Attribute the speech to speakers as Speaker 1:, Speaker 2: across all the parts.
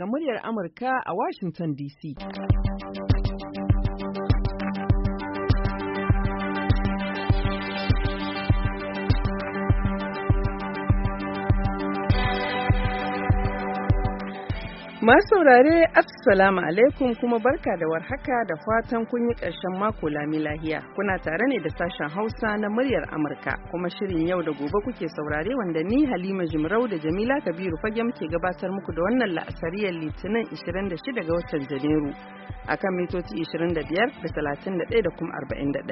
Speaker 1: ga muryar Amurka a Washington DC. Masu saurare Assalamu alaikum kuma barka da warhaka da fatan kun yi ƙarshen mako lami lahiya. Kuna tare ne da sashen Hausa na muryar Amurka kuma shirin yau da gobe kuke saurare wanda ni Halima Jimrau da Jamila Kabiru fage muke gabatar muku da wannan la'asariyar Litinin 26 ga watan Janairu akan mitoci 25 da 31 da kuma 41.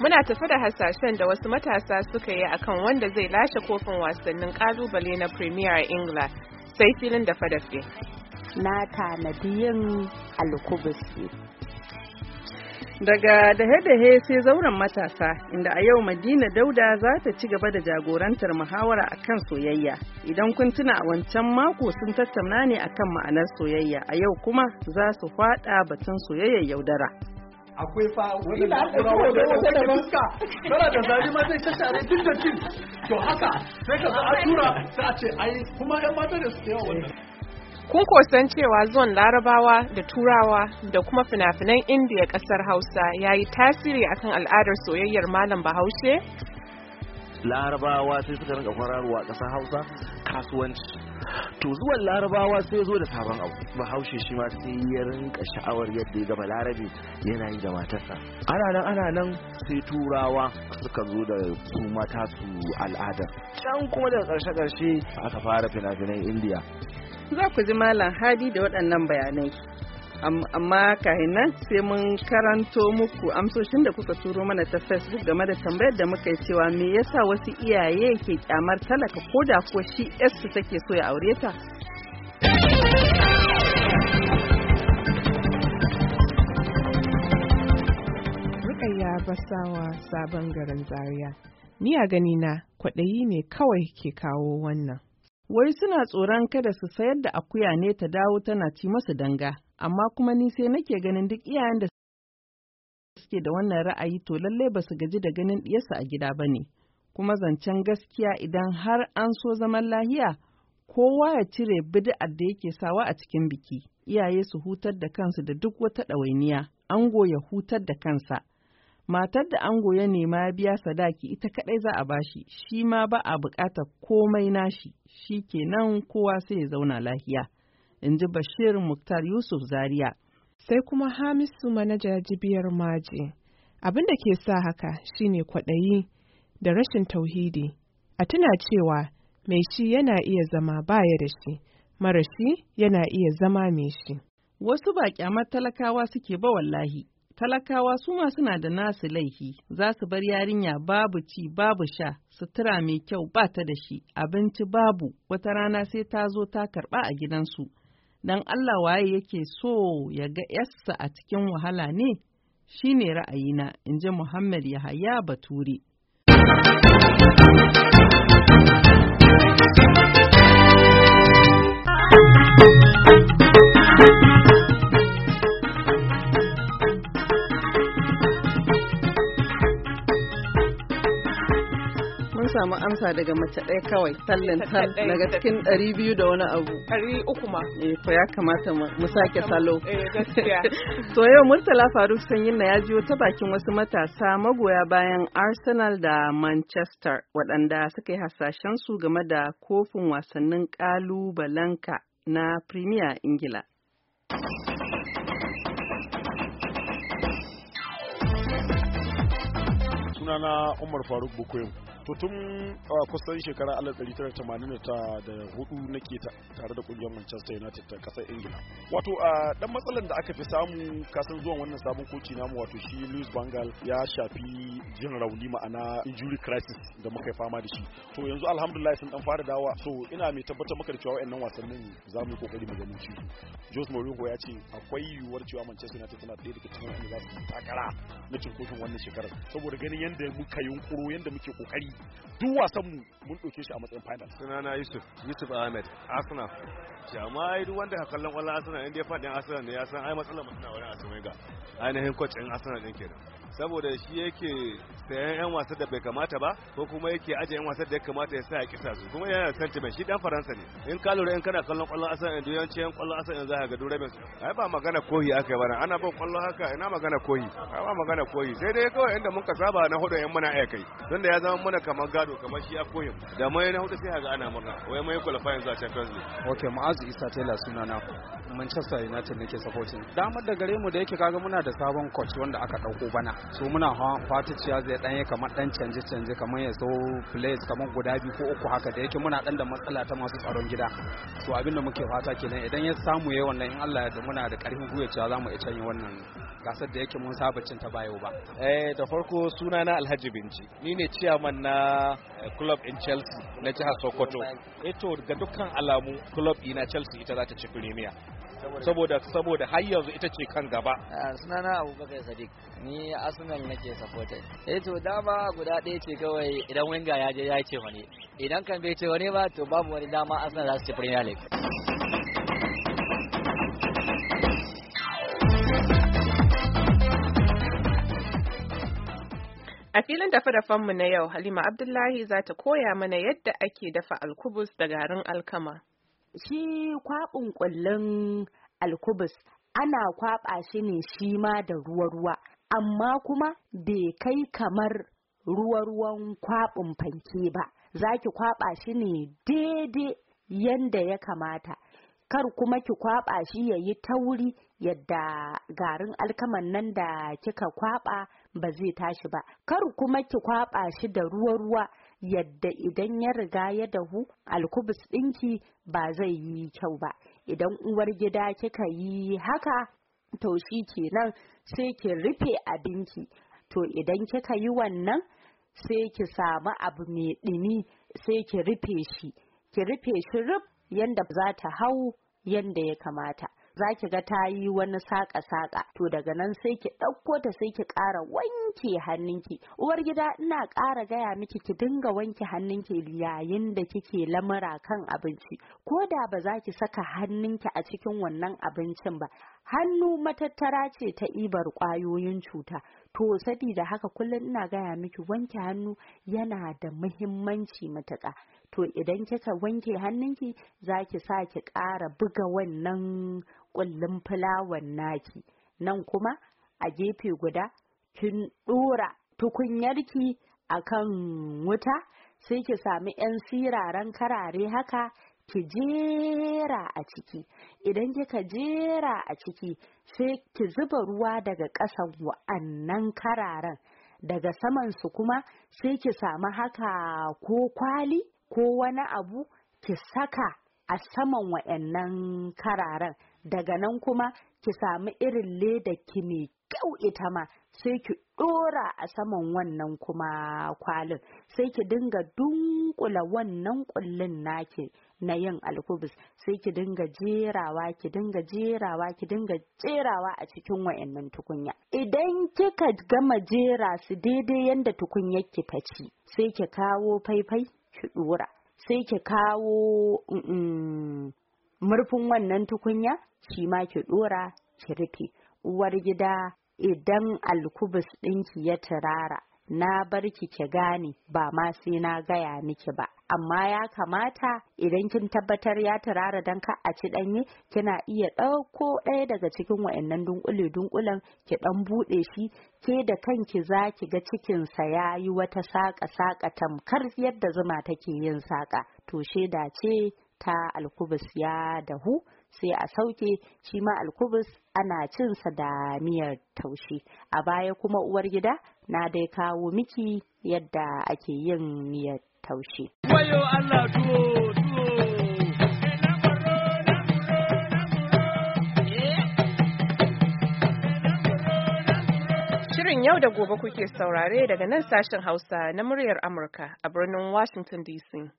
Speaker 2: Muna tafi da hasashen da wasu matasa suka yi akan wanda zai lashe kofin wasannin kalubale na Premier Ingila sai filin da fadafe. Na tanadi
Speaker 3: yin alkubusi. Daga dahe-dahe sai
Speaker 1: zauren matasa inda a yau Madina Dauda za ta ci gaba da jagorantar muhawara kan soyayya. Idan kun tuna a wancan mako sun tattauna ne a kan ma'anar soyayya, a yau kuma za su faɗa batun soyayyar yaudara.
Speaker 4: akwai fa wani na'ura wanda
Speaker 2: wata da fuska
Speaker 5: kana da zari ma zai shashare duk da cin to haka sai ka a tura sai a ce ai kuma yan mata da su yawa wannan
Speaker 2: Kun san cewa zuwan larabawa da turawa da kuma fina-finan indiya kasar hausa ya yi tasiri akan al'adar soyayyar malam bahaushe
Speaker 6: larabawa sai suka rinka kwararowa ƙasar hausa kasuwanci to zuwan larabawa sai zo da sabon abu bahaushe shi ma sai ya rinka sha'awar yadda ya gama larabi yana yi da matarsa ana nan ana nan sai turawa suka zo da su mata su al'ada can kuma da ƙarshe-ƙarshe aka fara fina-finan indiya
Speaker 1: za ku ji malam hadi da waɗannan bayanai amma kahin sai mun karanto muku amsoshin da kuka turo mana ta facebook game da tambayar da muka yi cewa me yasa wasu iyaye ke kyamar talaka ko da ko shi su take so ya aure ta
Speaker 2: ya basawa sabon garin zaria ni a ganina kwaɗayi ne kawai ke kawo
Speaker 1: wannan wai suna tsoron kada su sayar da akuya ne ta dawo tana ci masu danga amma kuma ni sai nake ganin duk iyayen da suke da wannan ra'ayi to lallai ba su gaji da ganin ɗiyarsu a gida ba ne kuma zancen gaskiya idan har an so zaman lahiya kowa ya cire bid'ar da yake sawa a cikin biki iyaye su hutar da kansu da duk wata ɗawainiya ango ya hutar da kansa matar da ango ya nema ya biya sadaki ita kaɗai za a bashi shi ma ba a buƙatar komai nashi shi kenan kowa sai ya zauna lahiya in ji Bashir Muktar Yusuf
Speaker 2: Zaria. Sai kuma Hamisu manaja jibiyar maji. Abin da ke sa haka shine kwaɗayi da rashin tauhidi. A tuna cewa mai shi yana iya zama baya da shi, mara shi yana iya zama mai shi.
Speaker 1: Wasu ba kyamar talakawa suke ba wallahi, talakawa su ma suna da nasu laifi za su bar yarinya babu ci babu sha sutura mai kyau ba ta da shi abinci babu wata rana sai ta zo ta karɓa a gidansu don Allah waye yake so ya ga ‘yarsa a cikin wahala ne, shi ne ra'ayina, in ji Muhammad Yahaya Baturi. samu amsa daga mace ɗaya kawai tallin tal daga cikin ɗari biyu da wani abu. Ɗari uku ma. Eh to ya kamata mu sake salo. Eh, to yau Murtala Faruk Sanyin na ya jiyo ta bakin wasu matasa magoya bayan Arsenal da Manchester waɗanda suka yi hasashen su game da kofin wasannin ƙalubalenka na Premier Ingila.
Speaker 6: sunana Umar Faruk Bukoyin to tun ah, kusan shekara 1984 nake tare da kungiyar manchester united ta kasar ingila wato a ah, dan matsalan da aka fi samu kasan zuwan wannan sabon koci namu wato shi louis bangal ya shafi jin rauni ma'ana injury crisis da muka fama da shi to yanzu alhamdulillah sun dan fara dawa so ina mai tabbatar maka da cewa wayannan wasannin za mu yi kokari mu ganin ci Jose Mourinho ya ce akwai yiwuwar cewa Manchester United tana ɗaya daga cikin wanda za su takara na cin kofin wannan shekarar saboda ganin yadda muka yunkuro yadda muke kokari duk wasan mu mun ɗauke shi a matsayin final sunana yusuf yusuf ahmed arsenal jama'a duk wanda ka kallon kwallon arsenal inda ya faɗin arsenal ne ya san ai matsalar mutum a wurin arsenal ga ainihin coach ɗin arsenal din kenan saboda shi yake sayan yan wasa da bai kamata ba ko kuma yake aje yan wasa da ya kamata ya sa ya kisa su kuma yana sentiment shi dan faransa ne in ka lura in kana kallon kwallon asan yanzu yawanci yan kwallon asan yanzu ga dure mai ai ba magana kohi aka yi bana ana bin kwallon haka ina magana kohi ai ba magana kohi sai dai kawai inda mun ka saba na hudu yan muna aikai don da ya zama muna kamar gado kamar shi a kohin da mai na hudu sai ga ana murna wai mai qualifying zuwa Champions League
Speaker 4: okay ma'azu Isa Taylor sunana Manchester United nake supporting damar da gare mu da yake kaga muna da sabon coach wanda aka dauko bana su muna fatici cewa zai danye kamar dan canje canje kamar ya so plays kamar guda biyu ko uku haka da yake muna dan da matsala ta masu tsaron gida to abin da muke fata kenan idan ya samu yayi wannan in Allah ya da muna da karfin gwiwa cewa zamu iya canye wannan gasar da yake mun saba cin ta bayo ba eh da farko
Speaker 6: suna na Alhaji Binci ni ne chairman na eh, club in Chelsea na jihar Sokoto eh to ga dukkan alamu club ina Chelsea ita za ta ci premier saboda saboda har yanzu ita ce kan gaba sunana abubakar sadiq ni arsenal nake supported eh to dama guda ɗaya ce kawai idan winga ya je ya ce wani idan kan bai ce wani ba to babu wani dama arsenal za su ci premier league
Speaker 2: A filin dafa-dafanmu na yau, Halima Abdullahi za ta koya mana yadda ake dafa alkubus da garin alkama.
Speaker 3: shi kwaɓin ƙullun alkubus ana kwaɓa shi ne shi ma da ruwa-ruwa amma kuma bai kai kamar ruwa-ruwan kwaɓin fanke ba za ki kwaɓa shi ne daidai yanda ya kamata kar kuma ki kwaɓa shi ya yi tauri yadda garin alkaman nan da kika kwaɓa ba zai tashi ba kar kuma ki kwaɓa shi da ruwa-ruwa yadda idan ya riga ya dahu alkubus ɗinki ba zai yi kyau ba idan uwar gida kika yi haka to shi kenan sai ki rufe abinki to idan kika yi wannan sai ki samu abu mai ɗumi sai ki rufe shi ki rufe shi rub yadda za ta hau yadda ya kamata za ki ga ta yi wani saƙa-saƙa to daga nan sai ki ɗauko ta sai ki ƙara wanke hannunki uwar gida ina ƙara gaya miki ki dinga wanke hannunki yayin da kike lamura kan abinci ko da ba za ki saka hannunki a cikin wannan abincin ba hannu matattara ce ta ibar ƙwayoyin cuta to sabida haka kullum ina gaya miki wanke hannu yana da muhimmanci matuƙa to idan kika wanke hannunki za ki sa ki ƙara buga wannan ƙullin fulawan naki nan kuma a gefe guda kin ɗora tukunyarki akan wuta sai ki sami 'yan siraran karare haka ki jera a ciki idan kika jera a ciki sai ki zuba ruwa daga ƙasan wa'annan kararen, daga saman su kuma sai ki samu haka ko kwali ko wani abu ki saka a saman wa'annan kararen, daga nan kuma ki samu irin leda ki mai kyau ita ma sai ki dora a saman wannan kuma kwalin sai ki dinga dunkula wannan kullin naki na yin alkubus sai ki dinga jerawa ki dinga jerawa ki dinga jerawa a cikin wa'annan tukunya idan kika gama jera su daidai yanda tukunyar ki ta ci sai ki kawo faifai ki dora sai ki kawo murfin wannan tukunya shi ma ki dora ki rufe uwar gida idan alkubus ɗinki ya turara na barki ki gane ba ma sai na gaya miki ba amma ya kamata idan kin tabbatar ya turara don ka a ci ɗanye kina iya ɗauko ɗaya daga cikin wa'annan dunkule dunkulen ki ɗan buɗe shi ke da kanki za ki ga cikinsa ya yi wata saƙa saƙa tamkar yadda zuma take yin saƙa to shaida ce ta alkubus ya dahu sai a sauke shi ma alkubus ana cinsa da miyar taushe a baya kuma uwar gida na dai kawo miki yadda ake yin miyar taushe.
Speaker 2: Shirin yau da gobe kuke saurare daga nan sashen Hausa na muryar Amurka a birnin Washington DC.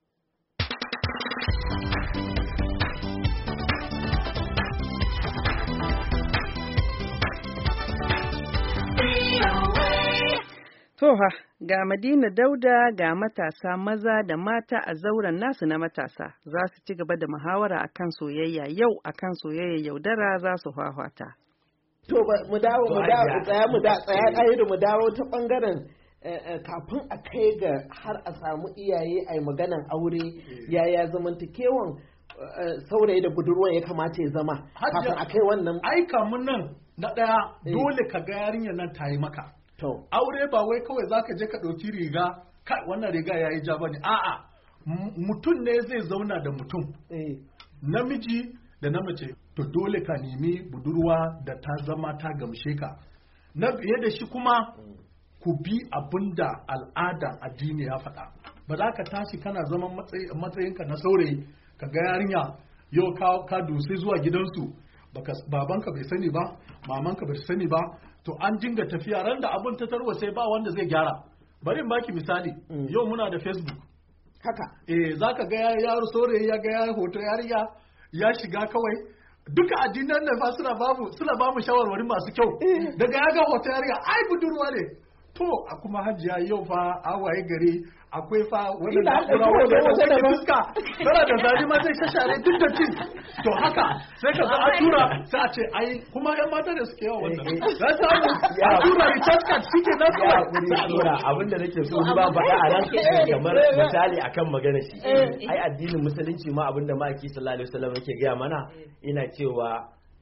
Speaker 1: Toha, ga Madina Dauda ga matasa maza da mata a zauren nasu na matasa za su ci gaba da muhawara akan soyayya yau akan soyayya yaudara za su hwahwata.
Speaker 7: To mu dawo mu dawo tsaya mu da tsaya mu dawo ta bangaren eh, eh, kafin a kai ga har a samu iyaye a yi maganan aure mm. yaya zamantakewan eh, saurayi da budurwan ya kamata ya zama kafin a kai wannan. aika mun nan na ɗaya dole ka ga yarinyar nan ta yi maka. to
Speaker 5: aure ba wai kawai za ka je ka ɗauki riga kai wannan riga ya yi ja ba ne. a'a mutum ne zai zauna da mutum eh. namiji da na mace to dole ka nemi budurwa da ta zama ta gamshe ka na biye da shi kuma ku bi abin da al'adan addini ya faɗa ba za ka tashi kana zaman matsayinka na saurayi ka ga yarinya yau ka dusi zuwa gidansu babanka bai sani ba mamanka bai sani ba to an dinga tafiya ran da abin ta tarwa sai ba wanda zai gyara bari in baki misali mm. yau muna da facebook haka eh zaka ga yaro saurayi ya ga ya hoto yariya ya shiga kawai duka addinan nan fa suna babu suna bamu shawarwari masu kyau eh. daga ya ga hoto yariya ai budurwa ne to a kuma hajiya yau fa a waye gari akwai fa wani da aka rawo da wani da fuska tana da zari ma zai shashare duk da cin to haka sai ka a tura sai a ce ai kuma yan mata da suke yawa wannan eh, eh. za su samu a tura recharge card suke na su tura abinda nake so ba ba a ran kamar misali
Speaker 4: akan magana shi eh, ai addinin musulunci ma abinda ma'aiki sallallahu alaihi wasallam yake gaya mana ina cewa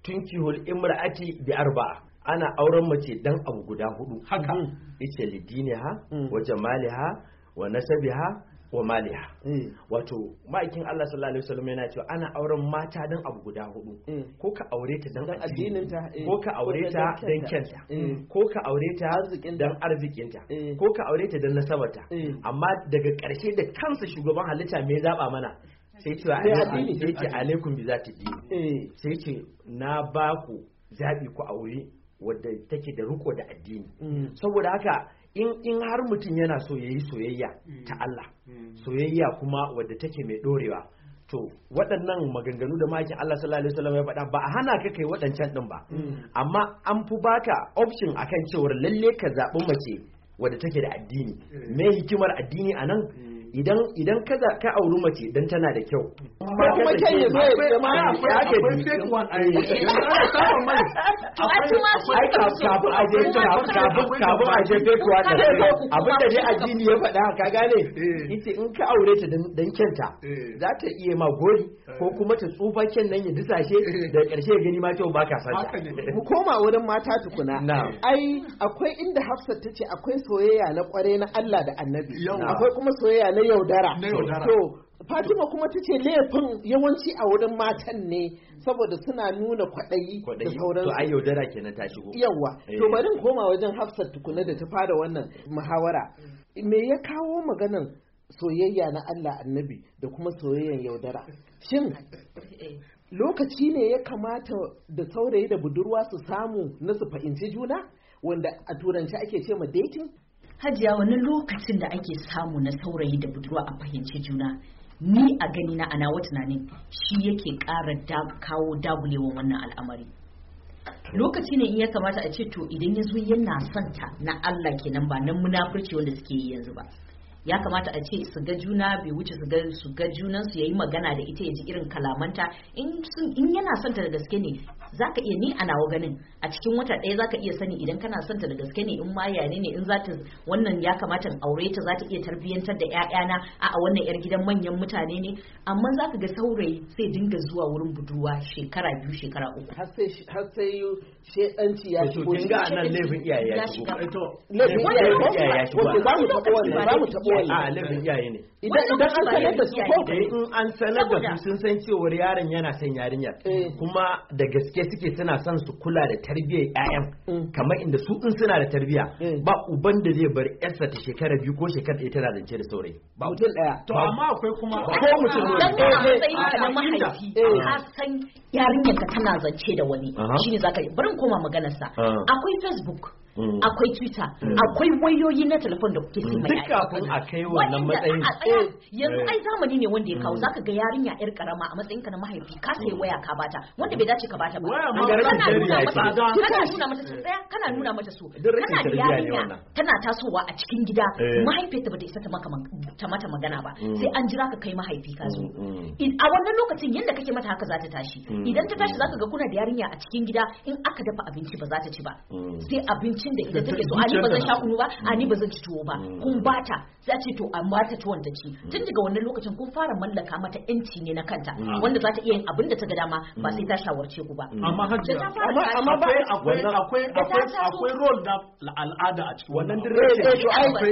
Speaker 4: tunkihul imra'ati bi arba'a ana auren mace dan abu guda hudu haka ita uhm. lidiniha uhm. wa jamaliha wa nasabiha wa maliha uhm. wato ma'aikin Allah sallallahu alaihi wasallam yana cewa ana auren mata dan abu guda hudu ko ka aure ta dan addininta ko ka aure ta dan kenta. ko ka aure ta dan arzikinta eh. ko ka aure ta dan nasabarta eh. amma daga karshe da kansa shugaban halitta me zaba mana sai ce alaikum bi zati din eh. sai ce na ku zabi ku aure wadda take da riko da addini mm. saboda haka in har mutum yana so ya yi soyayya mm. ta Allah mm. soyayya kuma wadda take mai dorewa to waɗannan maganganu da makin Allah sallallahu alaihi wasallam ya faɗa ba a hana ka kai waɗancan ɗin ba amma an fi baka option akan cewar lalle ka zaɓi mace wadda take da addini eh. me hikimar addini a nan idan idan kaza ka auri mace dan tana da kyau kuma kyan ya zo ya zama ya ke bi kafin aje kafin aje fake one
Speaker 7: abin da dai addini ya faɗa ka gane ita eh. in ka aure ta dan kyanta eh. za
Speaker 4: ta iya ma gori ko eh. kuma ta tsufa kyan nan ya dusashe da karshe gani ma kyau baka sata
Speaker 7: mu koma wurin mata tukuna ai akwai inda Hafsat ta ce akwai soyayya na kware na Allah da Annabi akwai kuma soyayya na yaudara to Fatima kuma ta ce laifin yawanci a wurin matan ne saboda suna nuna kwaɗayi da sauransu. To ai
Speaker 4: yaudara kenan tashi ko? Yawwa,
Speaker 7: to eh. bari koma wajen Hafsat tukuna da ta fara wannan muhawara. Me ya kawo maganan soyayya na Allah annabi da kuma soyayyan yaudara? Shin lokaci ne ya kamata da saurayi da budurwa su samu na su fahimci juna? Wanda a turanci ake ce ma dating? hajiya
Speaker 8: wani lokacin da ake samu na saurayi da budurwa a fahimci juna ni a gani na ana wata tunanin shi yake ƙara kawo dagulewan wannan al'amari lokaci ne in ya kamata a ce to idan ya yana santa na Allah kenan ba nan munafurci wanda suke yi yanzu ba ya kamata a ce su ga juna bai wuce su ga su ga junan su yayi magana da ita yaji irin kalamanta in in yana son ta da gaske ne zaka iya ni a nawa ganin a cikin wata ɗaya zaka iya sani idan kana son ta da gaske ne in ma yane ne in za ta wannan ya kamata aure ta za ta iya tarbiyyantar da ƴaƴana a a wannan yar gidan manyan mutane ne amma zaka ga saurayi sai dinga zuwa wurin budurwa shekara biyu shekara uku har sai har sai
Speaker 7: shedanci ya shigo kin ga nan laifin iyaye ya shigo eh, to laifin iyaye ya shigo ba mu taɓa wannan ba mu taɓa kowanne a laifin iyaye ne idan an sanar da su ko in an
Speaker 4: sanar da su sun san cewar yaron yana son yarinyar eh. kuma da gaske suke suna son su kula da tarbiyyar ƴaƴan mm. kamar inda su in suna da tarbiyya eh. ba uban da zai bar ƴarsa ta shekara biyu ko shekara ɗaya tana zance da saurayi ba mutum ɗaya to amma
Speaker 8: akwai kuma ko mutum ne ko ne mahaifi eh. ka san yarinyar ka tana zance da wani shine zaka bari koma maganar sa ah. akwai facebook mm. akwai twitter mm. akwai wayoyi na telefon da kuke sai mai duk kafin a kai wannan matsayin Eh. yanzu ai zamani ne wanda ya kawo mm. zaka ga yarinya yar karama a matsayin ka na mahaifi ka sai mm. waya ka bata wanda bai dace ka bata ba kana nuna mata kana nuna mata mm. tsaya kana nuna mata so kana da yarinya tana tasowa a cikin gida eh. mahaifiyarta bata isa ta maka ta mata magana ba sai an jira ka kai mahaifi ka zo a wannan lokacin yanda kake mata haka za ta tashi idan ta tashi zaka ga kuna da yarinya a cikin gida in aka dafa abinci ba za ta ci ba sai abincin da ita take so ani ba zan sha kunu ba ani ba zan ci tuwo ba kun bata za ce to amma ta tuwon ta yanci mm. tun daga wannan lokacin kun fara mallaka mata yanci ne na kanta mm. wanda za ta iya yin abin da ta ga dama ba sai ta shawarce ku ba mm. amma hajji amma ba akwai akwai akwai akwai
Speaker 5: role da al'ada a cikin wannan dirrece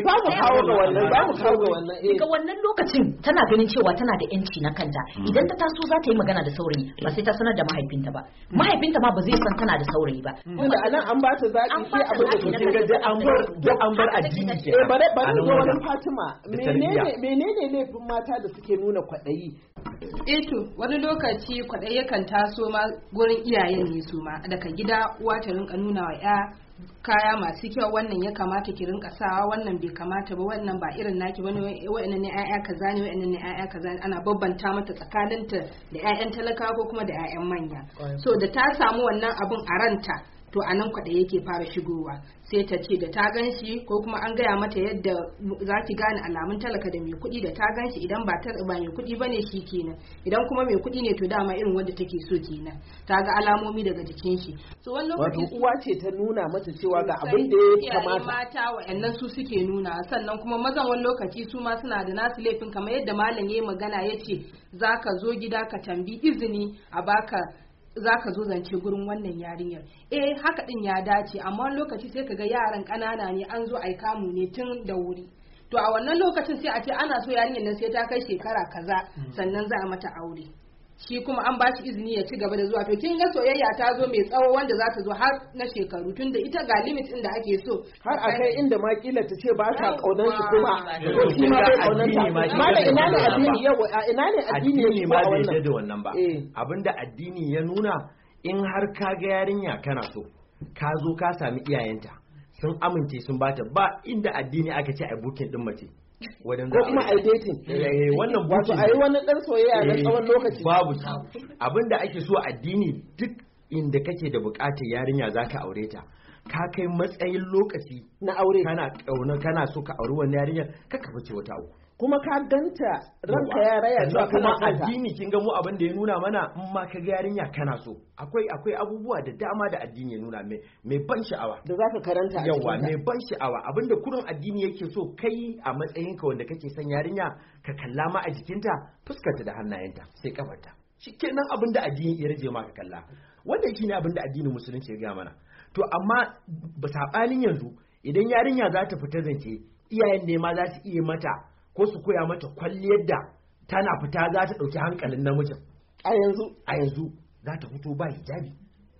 Speaker 8: ba mu kawo ga wannan ba mu kawo ga wannan daga wannan lokacin tana ganin cewa tana da yanci na kanta idan ta taso za ta yi magana da saurayi ba sai ta sanar da mahaifinta ba mahaifinta ma ba zai san tana da saurayi ba tunda anan
Speaker 7: an ba ta zaɓi sai abin da kin ga da an bar da an bar addini ke eh bare zo wannan Fatima menene menene laifin mata da suke nuna kwaɗayi eto eh wani
Speaker 9: lokaci kwaɗayi yakan taso ma gurin iyayen ne su ma daga gida uwa ta rinka nuna wa ya kaya masu kyau wannan ya kamata ki rinka sawa wannan bai kamata ba wannan ba irin naki wani wa'annan eh, ne ƴaƴa kaza ne wa'annan ne ƴaƴa kaza ne ana babbanta mata tsakaninta da ƴaƴan talakawa ko kuma da ƴaƴan manya so da ta samu wannan abun a ranta to a nan kwaɗe yake fara shigowa sai ta ce da ta gan shi ko kuma an gaya mata yadda za ki gane alamun talaka da mai kuɗi da ta gan shi idan ba mai kuɗi ba ne shi kenan idan kuma mai kuɗi ne to dama irin wanda take so kenan ta ga alamomi daga jikin shi so wannan uwa
Speaker 7: ce ta nuna mata cewa ga abin da ya kamata
Speaker 9: mata wa'annan su suke nuna sannan kuma mazan wani lokaci su ma suna da nasu laifin kamar yadda malam ya yi magana ya ce za ka zo gida ka tambi izini a baka za ka zo zance gurin wannan yarinyar eh haka din ya dace amma lokaci sai ka ga yaran ƙanana ne an zo yi kamu ne tun da wuri to a wannan lokacin sai a ce ana so yarinyar nan sai ta kai shekara kaza mm. sannan za a mata aure shi kuma an ba shi izini ya ci gaba da zuwa to kin ga soyayya ta zo mai tsawo wanda za ta zo har na shekaru tunda ita ga limit din da ake so har a kai inda ma kila ta ce ba ta
Speaker 7: kaunar shi kuma ko shi ma bai kaunar ta ina ne addini yau? ina ne addini ya ma bai da wannan ba
Speaker 4: eh. abinda addini ya nuna in har ka ga yarinya kana so ka zo ka sami iyayenta sun amince sun bata ba inda addini aka ce a bukin din mace ko kuma a dating eh, eh, eh, wannan wato a yi wani
Speaker 7: dan soyayya na tsawon lokaci babu
Speaker 4: abinda ake so addini duk inda kake da bukatar yarinya zaka aure ta ka kai matsayin lokaci na aure kana kauna kana so ka
Speaker 7: auri wannan yarinya ka kafa ce wata uku kuma ka ganta ranka ya raya cewa kuma addini
Speaker 4: kin ga mu abin da ya nuna mana in ma ka ga yarinya kana so akwai akwai abubuwa da dama da addini ya nuna mai mai ban sha'awa da zaka karanta a yawa mai ban sha'awa abinda kurin addini yake so kai a matsayinka wanda kake son yarinya ka kalla ma a jikinta fuskarta da hannayenta sai kafarta shikenan abin da addini ya rage ma ka kalla wanda shine abin da addinin musulunci ya ga mana to amma ba sabanin yanzu idan yarinya za ta fita zance iyayen ne ma za su iya mata ko su koya mata kwalliyar da tana fita za ta ɗauki hankalin namijin a yanzu a yanzu za ta fito ba hijabi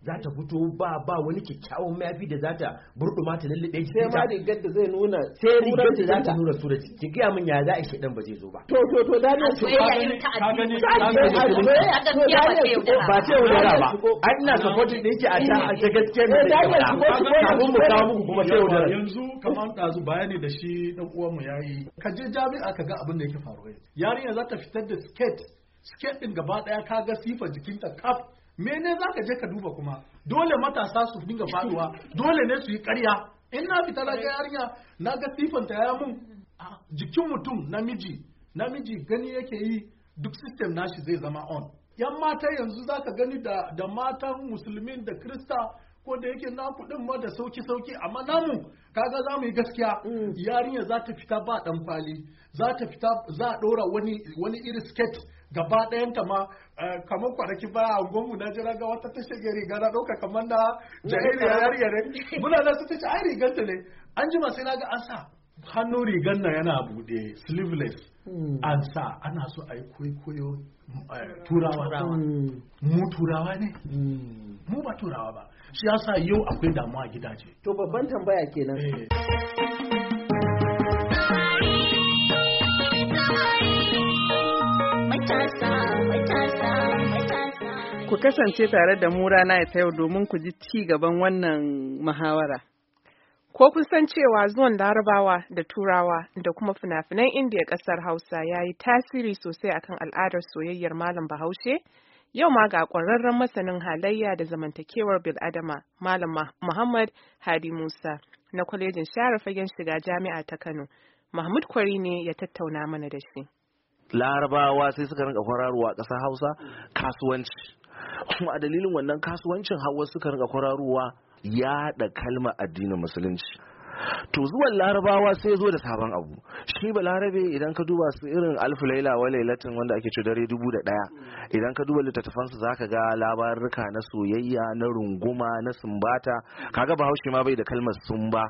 Speaker 4: za ta fito ba ba wani kyakkyawan mayafi da za ta burduma ta lalle ɗaya sai ma rigar
Speaker 7: da zai nuna sai rigar da za ta
Speaker 4: nuna sura ki ga mun ya za a shedan ba zai zo ba to
Speaker 7: to to da na su ka gani ka gani ba ce wani ra ba an ina supporting da yake a ta a ta ne da yake ba mun mu kawo kuma sai wani
Speaker 5: yanzu kamar zu bayani da shi dan uwan mu yayi ka je jami'a ka ga abin da yake faruwa yarinya za ta fitar da skate skate din gaba daya ka ga sifar jikinta kaf mene za ka je ka duba kuma dole matasa su dinga faduwa dole ne su yi karya in na fita na yarinya na ga sifanta ya mun jikin mutum namiji namiji gani yake yi duk system nashi zai zama on yan mata yanzu za ka gani da, da matan musulmin da krista ko da yake na kuɗin ma da sauki sauki amma namu kaga za mu yi gaskiya mm. yarinya za ta fita ba dan kwali za ta fita za a ɗora wani wani iri skate gaba ɗayan ta ma eh, kamar kwanaki ba a gwamnu na jira ga wata tashe gari gana ɗauka kamar na jahiliya yari yare muna da su tace ai rigar ta ne an jima sai naga ga an sa hannun rigar na yana buɗe sleeveless mm. an sa ana so a yi kwaikwayo eh, turawa mm. mu turawa ne mu ba turawa ba shi yasa yau akwai damuwa a gidaje to babban tambaya kenan eh.
Speaker 1: Ku kasance tare da mu rana ta yau domin ku ji ci gaban wannan mahawara.
Speaker 2: Ko san cewa zuwan larabawa da turawa da kuma fina-finan indiya ƙasar Hausa ya yi tasiri sosai akan al'adar soyayyar Malam Bahaushe Yau ma ga ƙwararren masanin halayya da zamantakewar Biladama, Malam Muhammad Hadi Musa na kwalejin share fagen shiga jami'a ta Kano. Mahmud Kwari ne ya tattauna mana da shi.
Speaker 6: Larabawa sai suka rinka a ƙasar Hausa kasuwanci. Kuma a dalilin wannan kasuwancin hawa suka rinka ya yaɗa kalmar addinin Musulunci. to zuwan larabawa sai zo da sabon abu shi ba larabe idan ka duba su irin alfu laila wa lailatin wanda ake ce dare dubu da daya idan ka duba littattafan su zaka ga labaruka na soyayya na runguma na sumbata kaga bahaushe ma bai da kalmar sumba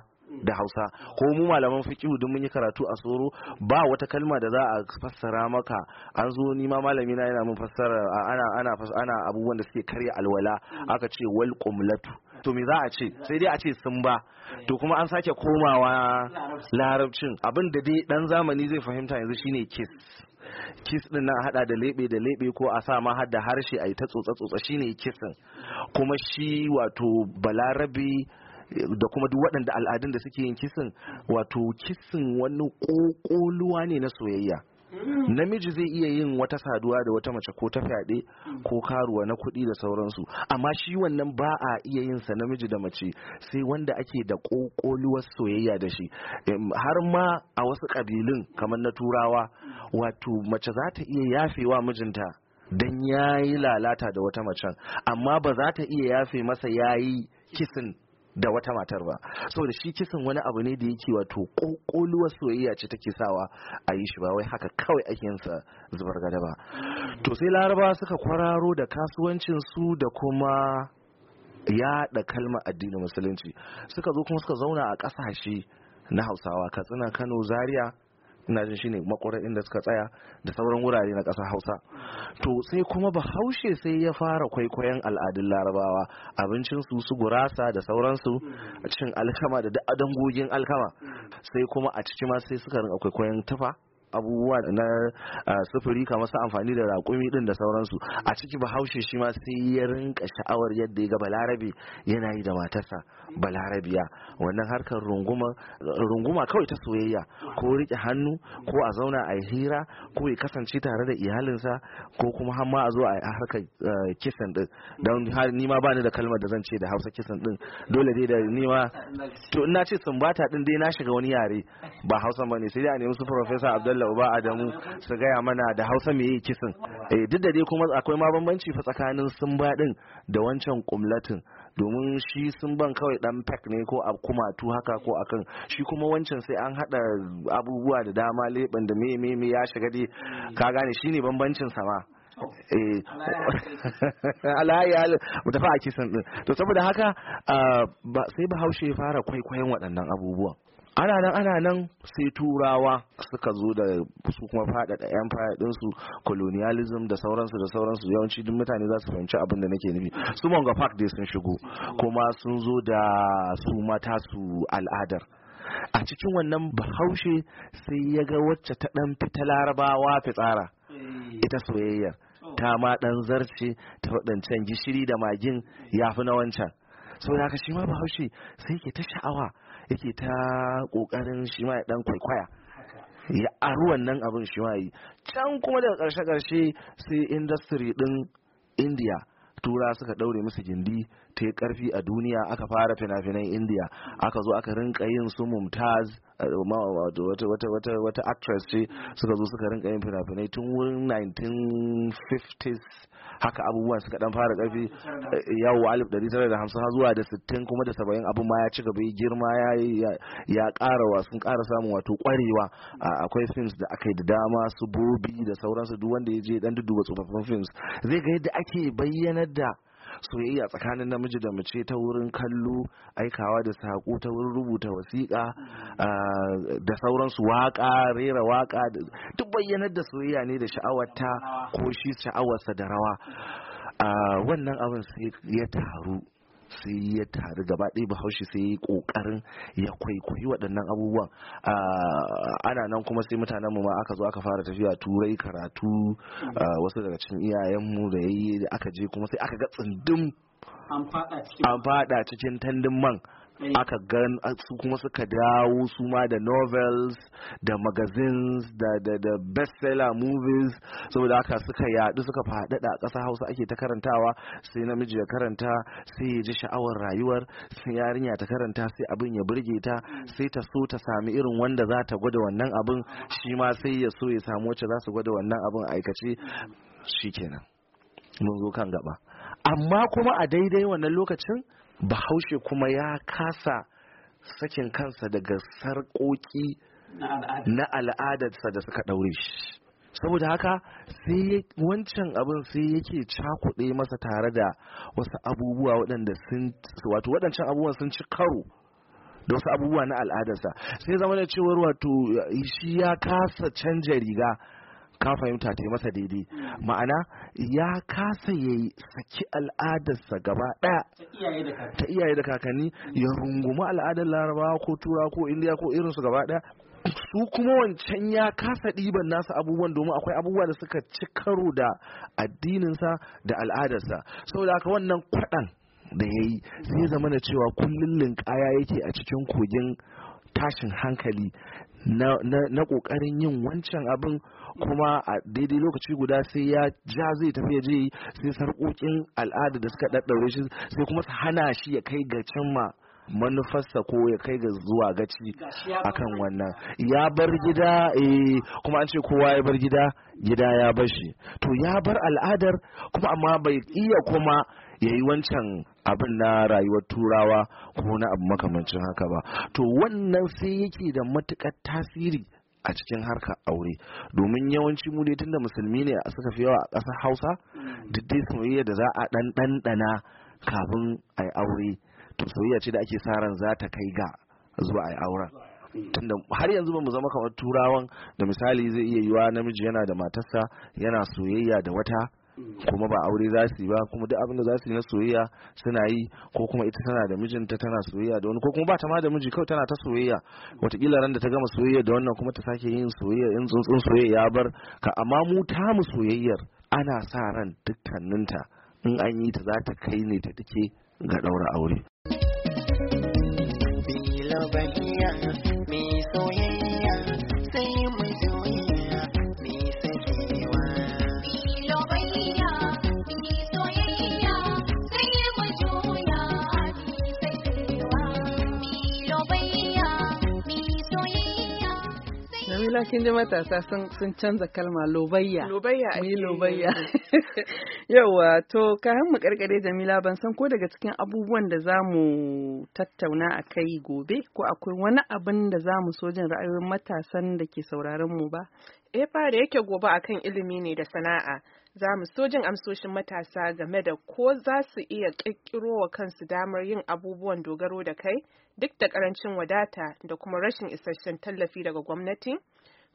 Speaker 6: da hausa ko mu malaman fiqihu duk mun yi karatu a tsoro ba wata kalma da za a fassara maka an zo ni ma malami na yana mun fassara ana ana ana abubuwan da suke karya alwala aka ce wal qumlatu to me za a ce sai dai a ce sun ba to kuma an sake komawa larabcin abin da dai dan zamani zai fahimta yanzu shine kiss kiss din nan hada da lebe da lebe ko a sa ma har da harshe a yi ta tsotsa tsotsa shine kissin kuma shi wato balarabi da kuma duk waɗanda al'adun da suke yin kisin wato kisin wani ƙoƙoluwa ne na soyayya namiji zai iya yin wata saduwa da wata mace ko ta fyaɗe ko karuwa na kuɗi da sauransu amma shi wannan ba a iya yin sa namiji da mace sai wanda ake da kokoluwar soyayya da shi har ma a wasu ƙabilun kamar na turawa wato mace za ta iya yafewa mijinta dan ya yi lalata da wata macen amma ba za ta iya yafe masa yayi yi kisin da wata matar ba saboda shi kisan wani abu ne da yake wato kokoluwar soyayya ce take sawa a yi shi ba wai haka kawai ake yin sa zubar gada ba to sai laraba suka kwararo da kasuwancin su da kuma yaɗa kalmar addinin musulunci suka zo kuma suka zauna a ƙasashe na hausawa katsina kano zaria ina jin shine makwarar da suka tsaya da sauran wurare na ƙasar hausa to sai kuma bahaushe sai ya fara kwaikwayon al'adun larabawa abincin su su gurasa da sauransu cin alkama da da'adangogin alkama sai kuma a ciki ma sai suka rinka kwaikwayon tufa. abubuwa na ah, sufuri kamar su amfani da raƙumi din da sauransu a ciki bahaushe shi ma sai ya rinka sha'awar yadda ya ga balarabe yana yi da matarsa balarabiya wannan harkar runguma kawai ta soyayya ko rike hannu ko a zauna a hira ko ya kasance tare da iyalinsa ko kuma har ma a zo a harkar eh, kisan din don har ni ma bani da kalmar da zan ce da hausa kisan din dole dai da ni ma to ina ce sumbata din dai na shiga wani yare ba hausa bane sai dai a nemi su professor abdullahi Malam Uba Adamu su gaya mana da Hausa me yi kisin. Eh duk da dai kuma akwai ma bambanci fa tsakanin simba din da wancan kumlatin domin shi ban kawai dan pack ne ko a kumatu haka ko akan shi kuma wancan sai an hada abubuwa da dama leban da me me ya shiga dai ka gane shine bambancin sama. Eh. alayyal mu a kisan din to saboda haka ah, sai bahaushe ya fara kwaikwayon waɗannan abubuwan ana nan ana nan sai turawa suka zo da su kuma faɗaɗa yan su colonialism da sauransu da sauransu yawanci duk mutane za su fahimci abin da nake nufi su monga park dai sun shigo kuma sun zo da su mata su al'adar a cikin wannan bahaushe sai ya ga wacce ta ɗan fita larabawa fitsara ita soyayyar ta ma ɗan zarce ta waɗancan gishiri da magin ya fi na wancan sau da shi ma bahaushe sai ke ta sha'awa yake ta kokarin shi ma dan kwaikwaya ya aru wannan abin shi ma yi can kuma daga karshe karshe sai industry din india tura suka daure musu gindi ta karfi a duniya aka fara fina-finan india aka zo aka rinka yin su mumtaz eh, wata actress ce suka zo suka rinka yin fina-finai tun wurin 1950s haka abubuwan suka dan fara karfi eh, yawo alif hamsin har zuwa da 60 kuma da 70 abin ma ya ci gaba girma ya ƙara wa sun kara samun wato kwarewa akwai films da aka yi da dama su bobi da sauransu duk wanda ya je dan duduba tsofaffin films zai ga yadda ake bayyanar da soyayya tsakanin namiji da mace ta wurin kallo aikawa da saƙo ta wurin rubuta wasiƙa mm. ah, da sauransu waƙa rera waƙa duk bayyanar da soyayya ne da sha'awarta ko shi sha'awarsa da rawa ah, wannan abin sai ya taru sai ya taru gaba ɗaya bahaushe sai ya yi ya kwaikwayi waɗannan abubuwan ana nan kuma sai mutanen mu ma aka zo aka fara tafiya turai karatu wasu daga cikin iyayenmu da yayi aka je kuma sai aka ga tsundum
Speaker 7: an
Speaker 6: fada cikin tandin man aka gan su kuma suka dawo su ma da novels da magazines da da da bestseller movies saboda aka suka yadu suka faɗaɗa a ƙasa Hausa ake ta karantawa sai namiji ya karanta sai ya ji sha'awar rayuwar sai yarinya ta karanta sai abin ya burge ta sai ta so ta sami irin wanda za ta gwada wannan abin shi ma sai ya so ya samu wacce za su gwada wannan abin a aikace shikenan mun zo kan gaba amma kuma a daidai wannan lokacin bahaushe kuma ya kasa sakin kansa daga sarƙoƙi na al'adarsa da suka ɗaure shi saboda haka sai wancan abin sai yake cakuɗe masa tare da wasu abubuwa waɗanda sun wato waɗancan abubuwan sun ci karo da wasu abubuwa na al'adarsa sai zama da cewar wato shi ya kasa canja riga ka fahimta ta masa daidai hmm. ma'ana ya kasa ya saki al'adarsa gaba ɗaya ta iyaye da kakanni hmm. ya rungumi al'adar larabawa ko tura ko indiya ko irinsu gaba ɗaya su kuma wancan ya kasa ɗiban nasa abubuwan domin akwai abubuwa da suka ci karo da addininsa da al'adarsa saboda haka wannan kwaɗan da ya yi sai zama da cewa kullum linƙaya yake a cikin kogin tashin hankali na ƙoƙarin yin wancan abin kuma a daidai lokaci guda sai ya ja zai tafi ya je sai sarƙoƙin al'ada da suka ɗaɗɗaure shi sai kuma su hana shi ya kai ga cimma manufarsa ko ya kai ga zuwa gaci akan wannan ya bar gida eh kuma an ce kowa ya bar gida gida ya bar shi to ya bar al'adar kuma amma bai iya kuma ya yi wancan abin na rayuwar turawa ko na abu makamancin haka ba to wannan sai yake da matukar tasiri a cikin harkar aure domin yawanci mu dai tunda musulmi ne suka fi yawa a ƙasar hausa mm. duk dai soyayya da za a ɗan ɗanɗana kafin a aure to soyayya ce da ake sa ran za ta kai ga zuwa a yi auren tunda har yanzu ba mu zama kamar turawan da misali zai iya yiwa namiji yana da matarsa yana soyayya da wata kuma ba aure za su yi ba kuma duk abin da za su yi na soyayya suna yi ko kuma ita tana da mijinta tana soyayya da wani ko kuma ba ta ma da miji kawai tana ta soyayya watakila ran da ta gama soyayya da wannan kuma ta sake yin soyayya in tsuntsun soyayya ya bar ka amma mu ta mu soyayyar ana sa ran dukkaninta in an yi ta za ta kai ne ta take ga ɗaura aure.
Speaker 1: za kin ji matasa sun canza kalma lobayya. Lobayya ake yi. lobayya. yauwa to kayan mu karkare Jamila ban san ko daga cikin abubuwan da za mu tattauna a kai gobe ko akwai wani abin da za mu so jin ra'ayoyin matasan da ke sauraron mu ba.
Speaker 2: e fa da yake gobe akan ilimi ne da sana'a. za mu so jin amsoshin matasa game da ko za su iya ƙirƙiro wa kansu damar yin abubuwan dogaro da kai duk da karancin wadata da kuma rashin isasshen tallafi daga gwamnati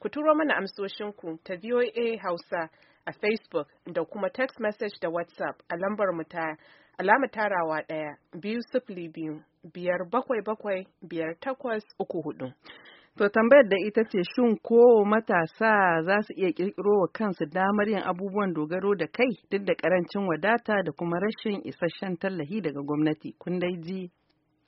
Speaker 2: ku turo mana amsoshinku ta VOA Hausa a Facebook da kuma text message da WhatsApp a lambar mu ta alama tarawa ɗaya biyu sifili biyu biyar bakwai bakwai biyar takwas uku hudu.
Speaker 1: To tambayar da ita ce shin ko matasa za su iya ƙirƙiro wa kansu damar yin abubuwan dogaro da kai duk da ƙarancin wadata da kuma rashin isasshen tallahi daga gwamnati kun dai ji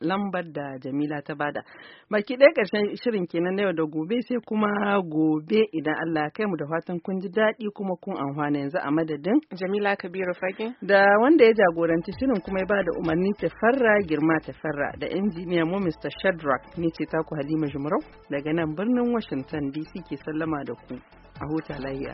Speaker 1: lambar da Jamila ta bada. Baki ɗaya ƙarshen shirin kenan na yau da gobe sai kuma gobe idan Allah kai mu da fatan kun ji daɗi kuma kun amfana yanzu a madadin.
Speaker 2: Jamila Kabiru Fage.
Speaker 1: Da wanda ya jagoranci shirin kuma ya bada umarni ta farra girma ta farra da injiniya mu Mr. Shadrack ne ce taku Halima Jumrau daga nan birnin Washington DC ke sallama da ku a huta lahiya.